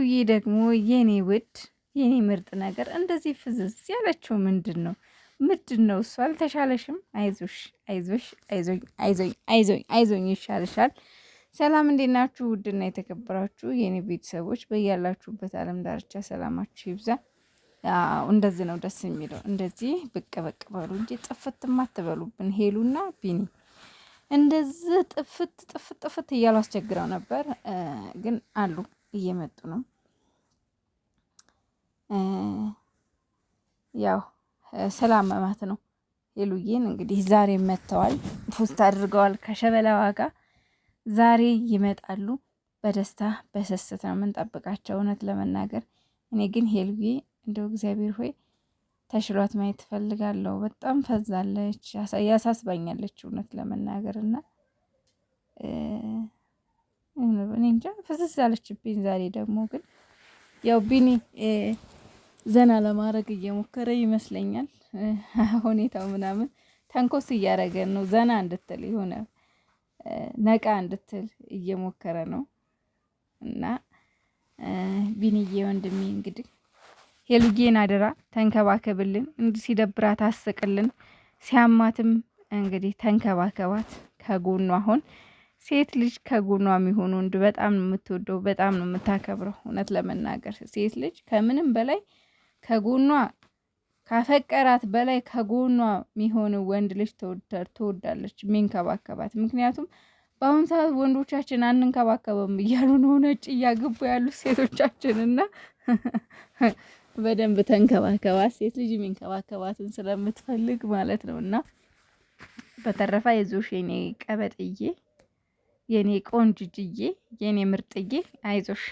ሄሉዬ ደግሞ የኔ ውድ የኔ ምርጥ ነገር እንደዚህ ፍዝዝ ያለችው ምንድን ነው? ምንድን ነው እሱ? አልተሻለሽም? አይዞሽ አይዞሽ አይዞኝ አይዞኝ አይዞኝ አይዞኝ ይሻልሻል። ሰላም እንዴት ናችሁ? ውድና የተከበራችሁ የኔ ቤተሰቦች በያላችሁበት ዓለም ዳርቻ ሰላማችሁ ይብዛ። እንደዚህ ነው ደስ የሚለው። እንደዚህ ብቅ ብቅ በሉ እንጂ ጥፍት ማትበሉብን። ሄሉና ቢኒ እንደዚህ ጥፍት ጥፍት ጥፍት እያሉ አስቸግረው ነበር፣ ግን አሉ እየመጡ ነው። ያው መማት ነው ሄሉዬን እንግዲህ ዛሬ መጥተዋል። ፖስት አድርገዋል ከሸበላዋ ጋር ዛሬ ይመጣሉ። በደስታ በሰስት ነው የምንጠብቃቸው። እውነት ለመናገር እኔ ግን ሄሉዬ እንደው እግዚአብሔር ሆይ ተሽሏት ማየት ትፈልጋለሁ። በጣም ፈዛለች፣ ያሳስባኛለች እውነት ለመናገር እና እኔ እንጃ ፍዝዝ አለችብኝ ዛሬ። ደግሞ ግን ያው ቢኒ ዘና ለማድረግ እየሞከረ ይመስለኛል። ሁኔታው ምናምን ተንኮስ እያደረገ ነው፣ ዘና እንድትል የሆነ ነቃ እንድትል እየሞከረ ነው። እና ቢኒዬ ወንድሜ እንግዲህ ሄሉጌን አደራ ተንከባከብልን፣ እንዲህ ሲደብራት አስቅልን፣ ሲያማትም እንግዲህ ተንከባከባት ከጎኗ አሁን ሴት ልጅ ከጎኗ የሚሆን ወንድ በጣም ነው የምትወደው፣ በጣም ነው የምታከብረው። እውነት ለመናገር ሴት ልጅ ከምንም በላይ ከጎኗ ካፈቀራት በላይ ከጎኗ የሚሆን ወንድ ልጅ ትወዳለች፣ የሚንከባከባት። ምክንያቱም በአሁኑ ሰዓት ወንዶቻችን አንንከባከበም እያሉ ነው ነጭ እያገቡ ያሉት ሴቶቻችን እና በደንብ ተንከባከባት። ሴት ልጅ የሚንከባከባትን ስለምትፈልግ ማለት ነው። እና በተረፋ የዞሽ የኔ ቀበጥዬ የኔ ቆንጅጅዬ፣ የኔ ምርጥዬ አይዞሽ።